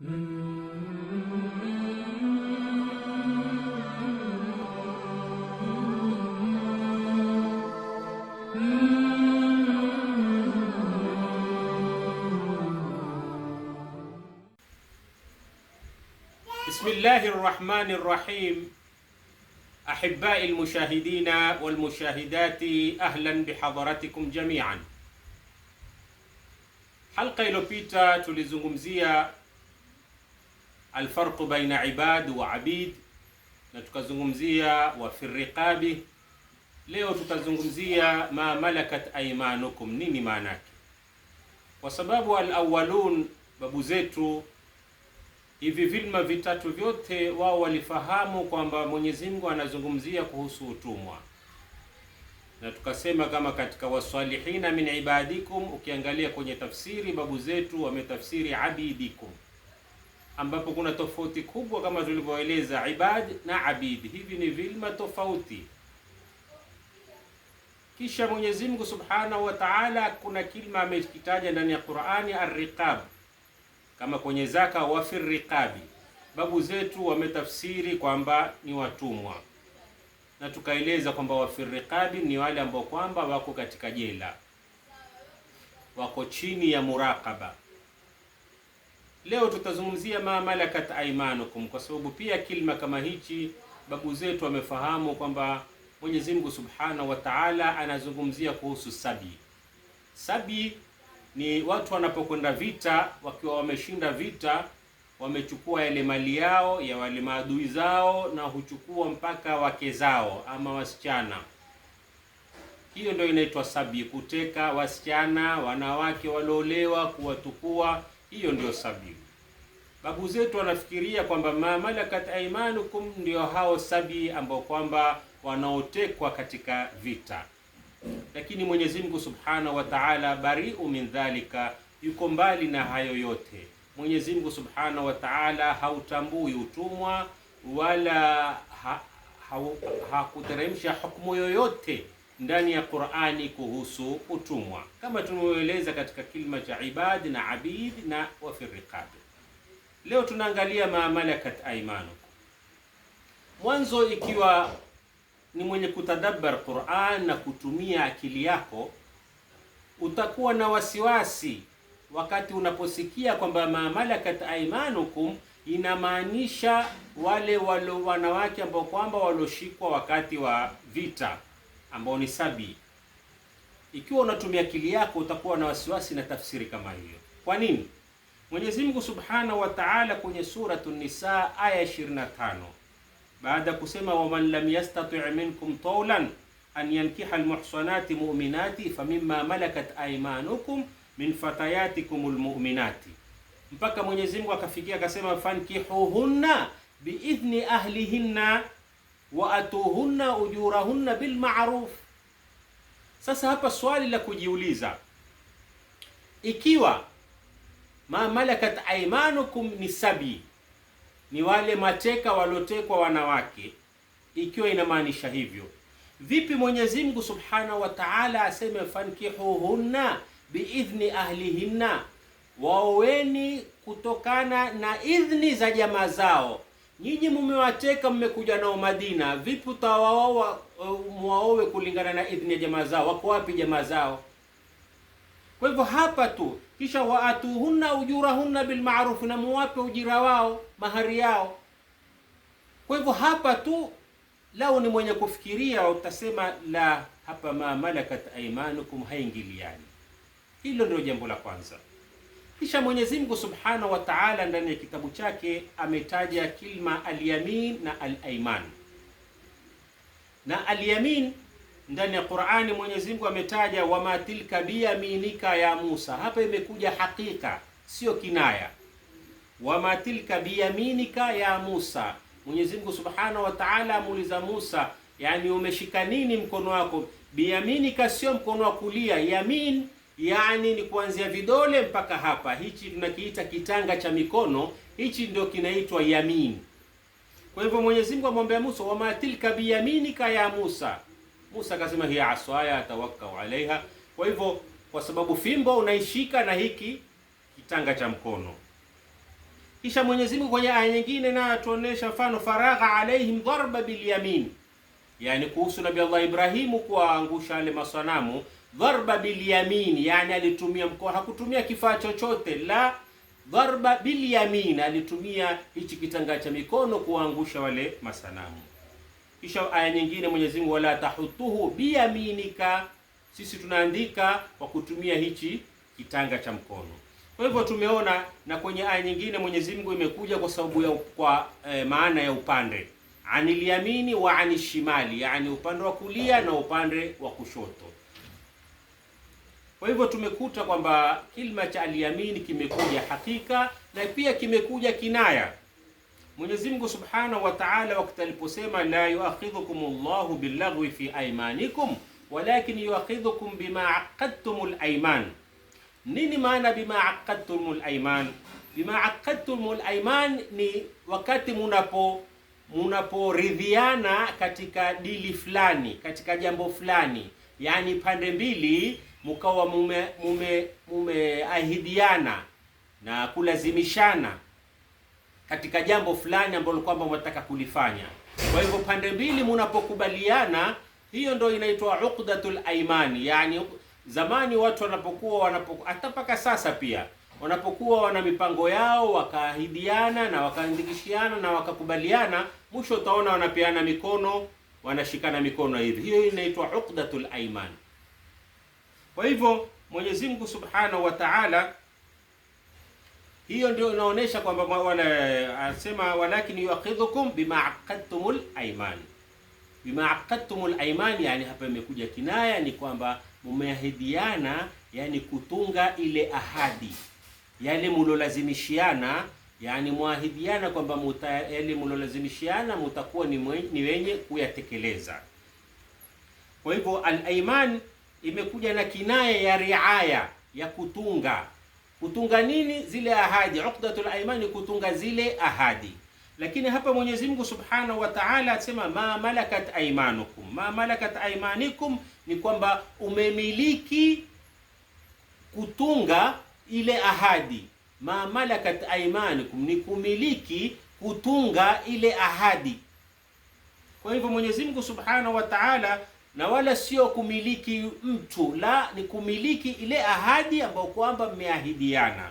بسم الله الرحمن الرحيم أحبائي المشاهدين والمشاهدات أهلا بحضراتكم جميعا حلقة لوبيتا tulizungumzia alfarqu baina ibad wa abid, na tukazungumzia wa fi Leo tutazungumzia ma malakat aymanukum, nini maana yake, kwa sababu alawalun, babu zetu hivi vilma vitatu vyote wao walifahamu kwamba Mwenyezi Mungu anazungumzia kuhusu utumwa, na tukasema kama katika wasalihina min ibadikum, ukiangalia kwenye tafsiri babu zetu wametafsiri abidikum ambapo kuna tofauti kubwa kama tulivyoeleza, ibad na abid, hivi ni vilma tofauti. Kisha Mwenyezi Mungu Subhanahu wa Ta'ala, kuna kilima amekitaja ndani ya Qur'ani, arriqab, kama kwenye zaka, wa fi riqabi. Babu zetu wametafsiri kwamba ni watumwa, na tukaeleza kwamba wa fi riqabi ni wale ambao kwamba wako katika jela, wako chini ya muraqaba Leo tutazungumzia ma malakat aimanukum, kwa sababu pia kilma kama hichi babu zetu wamefahamu kwamba Mwenyezi Mungu Subhanahu wa Ta'ala anazungumzia kuhusu sabi. Sabi ni watu wanapokwenda vita, wakiwa wameshinda vita, wamechukua yale mali yao ya wale maadui zao, na huchukua mpaka wake zao ama wasichana. Hiyo ndio inaitwa sabi, kuteka wasichana, wanawake waliolewa, kuwatukua hiyo ndio sabii Babu zetu wanafikiria kwamba mamalakat aimanukum ndio hao sabi ambao kwamba wanaotekwa katika vita, lakini Mwenyezi Mungu subhanahu wa taala bariu min dhalika, yuko mbali na hayo yote. Mwenyezi Mungu subhanahu wa taala hautambui utumwa wala hakuteremsha ha, ha, hukumu yoyote ndani ya Qur'ani kuhusu utumwa, kama tulivyoeleza katika kilima cha ibad na abid na wa fi Leo tunaangalia maamalakat malakat Mwanzo, ikiwa ni mwenye kutadabbar Qur'an na kutumia akili yako, utakuwa na wasiwasi wakati unaposikia kwamba maamalakat malakat inamaanisha wale walo wanawake ambao kwamba walioshikwa wakati wa vita ambao ni sabi. Ikiwa unatumia akili yako utakuwa na wasiwasi na tafsiri kama hiyo. Kwa nini? Mwenyezi Mungu Subhanahu wa Ta'ala kwenye suratu Nisa aya 25 baada kusema kusema waman lam yastati' minkum tawlan an yankiha almuhsanati mu'minati famimma malakat aymanukum min fatayatikum almu'minati, mpaka Mwenyezi Mungu akafikia akasema fankihuhunna biidhni ahlihinna wa atuhunna ujurahunna bil ma'ruf. Sasa hapa swali la kujiuliza, ikiwa ma malakat aymanukum ni sabi, ni wale mateka waliotekwa wanawake, ikiwa inamaanisha hivyo, vipi Mwenyezi Mungu Subhanahu wa Ta'ala aseme fankihuhunna biidhni ahlihinna, waoweni kutokana na idhni za jamaa zao Nyinyi mumewateka mmekuja nao Madina, vipi utawaoa uh, mwaowe kulingana na idhini ya jamaa zao? Wako wapi jamaa zao? Kwa hivyo hapa tu, kisha waatuhunna ujurahunna bilmaarufu, na muwape ujira wao mahari yao. Kwa hivyo hapa tu, lau ni mwenye kufikiria utasema la, hapa ma malakat aimanukum, haingiliani. Hilo ndio jambo la kwanza. Kisha Mwenyezi Mungu Subhanahu wa Ta'ala ndani ya kitabu chake ametaja kilma al-yamin na al ayman Na al-yamin ndani ya Qur'ani Mwenyezi Mungu ametaja ma tilka biyaminika ya Musa. Hapa imekuja hakika, sio kinaya. ma tilka biyaminika ya Musa. Mwenyezi Mungu Subhanahu wa Ta'ala amuuliza Musa, yani umeshika nini mkono wako? Biyaminika sio mkono wa kulia, yamin yani ni kuanzia vidole mpaka hapa. Hichi tunakiita kitanga cha mikono, hichi ndio kinaitwa yamin Kwa hivyo Mwenyezi Mungu amwambia Musa, wama tilka biyaminika ya Musa. Musa akasema hiya aswaya atawakkau alaiha. Kwa hivyo kwa sababu fimbo unaishika na hiki kitanga cha mkono. Kisha Mwenyezi Mungu kwenye aya nyingine na atuonesha mfano faragha alaihim dharba bilyamin yani kuhusu Nabii Allah Ibrahimu kuwaangusha wale masanamu, dharba bilyamini, yani alitumia mkono, hakutumia kifaa chochote la dharba bilyamin, alitumia hichi kitanga cha mikono kuwaangusha wale masanamu. Kisha aya nyingine Mwenyezi Mungu, wala tahutuhu biyaminika, sisi tunaandika kwa kutumia hichi kitanga cha mkono. Kwa hivyo tumeona na kwenye aya nyingine Mwenyezi Mungu imekuja kwa sababu ya kwa e, maana ya upande aniliamini wa anishimali, yani upande wa kulia na upande wa kushoto. Kwa hivyo tumekuta kwamba kilma cha aliamini kimekuja hakika na pia kimekuja kinaya. Mwenyezi Mungu Subhanahu wa Ta'ala wakati aliposema la yuakhidhukum Allahu billaghwi fi aymanikum walakin yuakhidhukum bima aqadtum al ayman. Nini maana bima aqadtum al ayman? Bima aqadtum al ayman ni wakati munapo mnaporidhiana katika dili fulani, katika jambo fulani, yaani pande mbili mkawa mume mume mumeahidiana na kulazimishana katika jambo fulani ambalo kwamba mwataka kulifanya. Kwa hivyo pande mbili mnapokubaliana, hiyo ndio inaitwa uqdatul aimani. Yani zamani watu wanapokuwa wanapokuwa hata mpaka sasa pia wanapokuwa wana mipango yao wakaahidiana na wakaandikishiana na wakakubaliana, mwisho utaona wanapeana mikono, wanashikana mikono hivi. Hiyo inaitwa uqdatul aiman. Kwa hivyo Mwenyezi Mungu Subhanahu wa Ta'ala, hiyo ndio inaonesha kwamba wana asema walakin yuakhidhukum bima aqadtumul aiman, bima aqadtumul aiman. Yani hapa imekuja kinaya, ni kwamba mumeahidiana, yani kutunga ile ahadi yale yaani mulolazimishiana, yani mwahidiana kwamba muta, yale yaani mulolazimishiana mutakuwa ni, ni wenye kuyatekeleza. Kwa hivyo al-aiman imekuja na kinaya ya riaya ya kutunga. Kutunga nini? Zile ahadi. Uqdatul aiman kutunga zile ahadi, lakini hapa Mwenyezi Mungu Subhanahu wa Ta'ala asema ma malakat aimanukum, ma malakat aimanikum ni kwamba umemiliki kutunga ile ahadi, ma malakat aimanukum, ni kumiliki kutunga ile ahadi. Kwa hivyo Mwenyezi Mungu Subhanahu wa Ta'ala, na wala sio kumiliki mtu, la ni kumiliki ile ahadi ambayo kwamba mmeahidiana,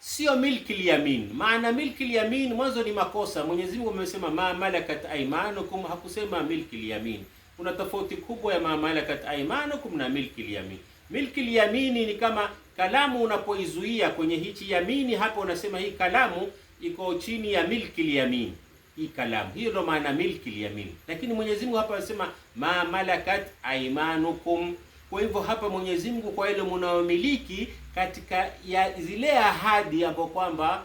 sio milki yamin. Maana milki yamin mwanzo ni makosa. Mwenyezi Mungu amesema ma malakat aimanukum, hakusema milki yamin. Kuna tofauti kubwa ya ma malakat aimanukum na milki yamin. Milki yamini ni kama Kalamu unapoizuia kwenye hichi yamini, hapo unasema hii kalamu iko chini ya milki yamin, hii kalamu hiyo, ndio maana milki yamin. Lakini Mwenyezi Mungu hapa anasema ma malakat aimanukum. Kwa hivyo hapa Mwenyezi Mungu kwa ile mnaomiliki katika ya zile ahadi ambapo kwamba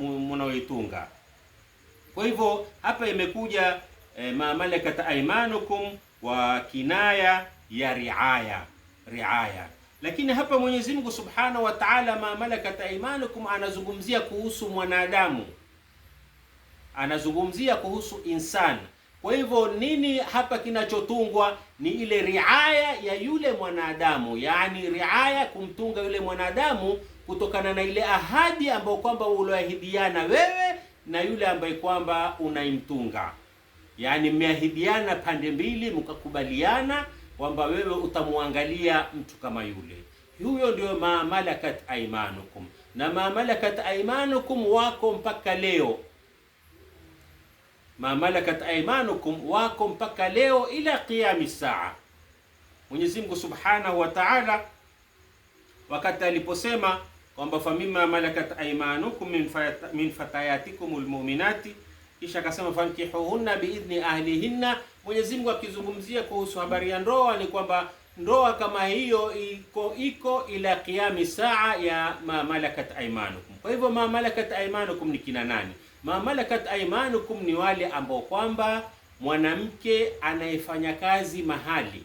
munaoitunga. Kwa hivyo hapa imekuja eh, ma malakat aimanukum wa kinaya ya riaya riaya lakini hapa Mwenyezi Mungu Subhanahu wa Ta'ala, ma malakat aymanukum, anazungumzia kuhusu mwanadamu, anazungumzia kuhusu insani. Kwa hivyo nini hapa kinachotungwa ni ile riaya ya yule mwanadamu, yani riaya kumtunga yule mwanadamu kutokana na ile ahadi ambayo kwamba ulioahidiana wewe na yule ambaye kwamba unaimtunga, yani mmeahidiana pande mbili mkakubaliana kwamba wewe utamwangalia mtu kama yule. Huyo ndio maamalakat aimanukum, na maamalakat aimanukum wako mpaka leo, maamalakat aimanukum wako mpaka leo ila qiyami saa. Mwenyezi Mungu Subhanahu wa Ta'ala wakati aliposema kwamba famima malakat aimanukum min fatayatikum almu'minati, kisha akasema fankihuhunna biidhni ahlihinna Mwenyezi Mungu akizungumzia kuhusu habari ya ndoa ni kwamba ndoa kama hiyo iko iko ila kiami saa ya ma malakat aimanukum. Kwa hivyo ma malakat aimanukum ni kina nani? Ma malakat aimanukum ni wale ambao kwamba mwanamke anayefanya kazi mahali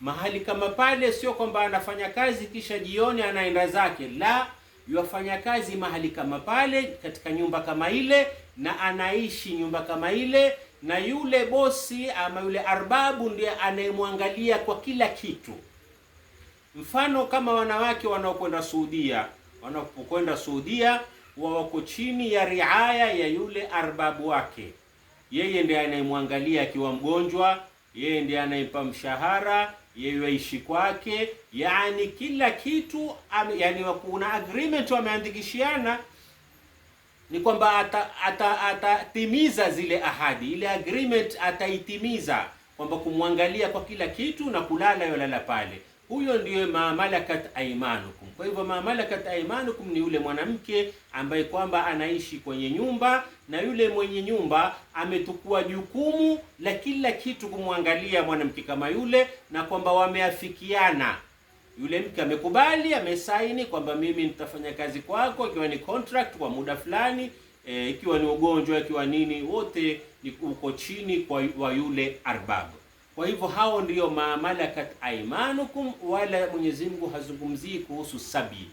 mahali kama pale, sio kwamba anafanya kazi kisha jioni anaenda zake, la yafanya kazi mahali kama pale, katika nyumba kama ile, na anaishi nyumba kama ile na yule bosi ama yule arbabu ndiye anayemwangalia kwa kila kitu. Mfano kama wanawake wanaokwenda Saudia, wanapokwenda Saudia wako chini ya riaya ya yule arbabu wake. Yeye ndiye anayemwangalia akiwa mgonjwa, yeye ndiye anayempa mshahara, yeye waishi kwake, yani kila kitu, yani kuna agreement wameandikishiana ni kwamba atatimiza ata, ata zile ahadi, ile agreement ataitimiza, kwamba kumwangalia kwa kila kitu na kulala yolala pale. Huyo ndiyo mamalakat aimanukum. Kwa hivyo mamalakat aimanukum ni yule mwanamke ambaye kwamba anaishi kwenye nyumba na yule mwenye nyumba ametukua jukumu la kila kitu kumwangalia mwanamke kama yule, na kwamba wameafikiana yule mke amekubali, amesaini kwamba mimi nitafanya kazi kwako, ikiwa ni contract kwa muda fulani e, ikiwa ni ugonjwa, ikiwa nini, wote ni uko chini kwa wa yule arbab. Kwa hivyo hao ndiyo mamalakat aimanukum, wala Mwenyezi Mungu hazungumzii kuhusu sabi,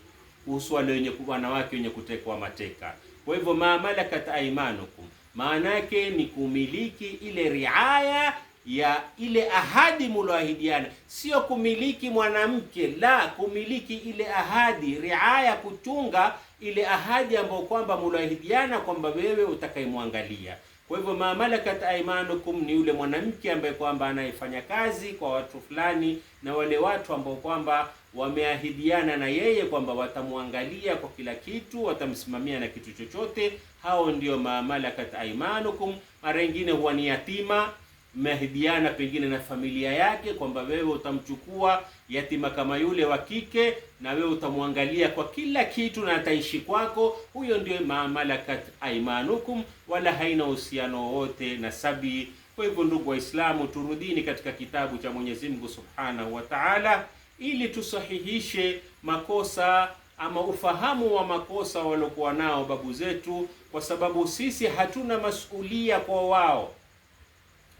kuhusu wale wenye wanawake wenye kutekwa mateka. Kwa hivyo mamalakat aimanukum maana yake ni kumiliki ile riaya ya ile ahadi mulioahidiana, sio kumiliki mwanamke, la kumiliki ile ahadi, riaya, kuchunga ile ahadi ambayo kwamba mulioahidiana kwamba wewe utakayemwangalia. Kwa hivyo mamalakat aimanukum ni yule mwanamke ambaye kwamba anayefanya kazi kwa watu fulani, na wale watu ambao kwamba wameahidiana na yeye kwamba watamwangalia kwa kila kitu, watamsimamia na kitu chochote. Hao ndio mamalakat aimanukum. Mara nyingine huwa ni yatima mmeahidiana pengine na familia yake kwamba wewe utamchukua yatima kama yule wa kike na wewe utamwangalia kwa kila kitu na ataishi kwako. Huyo ndio mamalakat aimanukum, wala haina uhusiano wowote na sabi Kwa hivyo, ndugu Waislamu, turudini katika kitabu cha Mwenyezi Mungu Subhanahu wa Ta'ala ili tusahihishe makosa ama ufahamu wa makosa waliokuwa nao babu zetu, kwa sababu sisi hatuna masulia kwa wao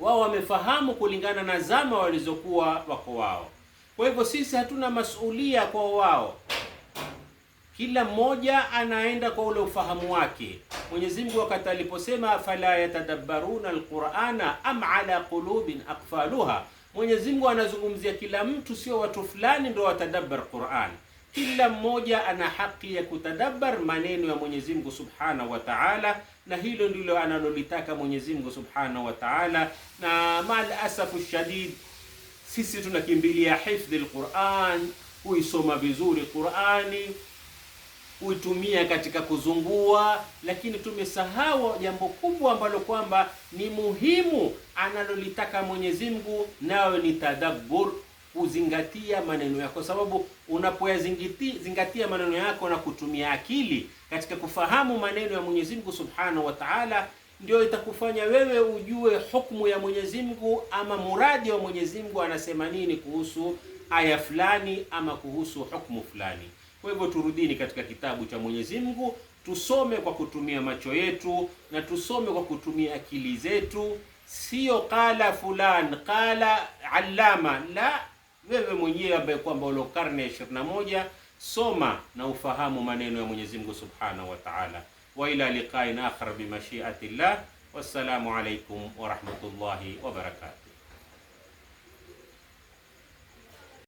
wao wamefahamu kulingana na zama walizokuwa wako wao. Kwa hivyo sisi hatuna masulia kwa wao, kila mmoja anaenda kwa ule ufahamu wake. Mwenyezi Mungu wakati aliposema afala yatadabbaruna alqur'ana am ala qulubin aqfaluha, Mwenyezi Mungu anazungumzia kila mtu, sio watu fulani ndio watadabbar Qur'an. Kila mmoja ana haki ya kutadabar maneno ya Mwenyezi Mungu Subhanahu wa Ta'ala, na hilo ndilo analolitaka Mwenyezi Mungu Subhanahu wa Ta'ala. Na mal asafu shadid, sisi tunakimbilia hifdhi al-Qur'an, kuisoma vizuri Qur'ani, kuitumia katika kuzungua, lakini tumesahau jambo kubwa ambalo kwamba ni muhimu analolitaka Mwenyezi Mungu, nayo ni tadabbur kuzingatia maneno yako, kwa sababu unapoyazingatia maneno yako na kutumia akili katika kufahamu maneno ya Mwenyezi Mungu Subhanahu wa Ta'ala, ndio itakufanya wewe ujue hukumu ya Mwenyezi Mungu ama muradi wa Mwenyezi Mungu anasema nini kuhusu aya fulani ama kuhusu hukumu fulani. Kwa hivyo turudini katika kitabu cha Mwenyezi Mungu, tusome kwa kutumia macho yetu na tusome kwa kutumia akili zetu, sio qala fulan qala allama la wewe mwenyewe ambaye kwamba ulo karne ya 21, soma na ufahamu maneno ya Mwenyezi Mungu Subhanahu wa Ta'ala. Wa ila liqa'in akhar bi mashi'atillah. Wassalamu alaykum wa rahmatullahi wa barakatuh.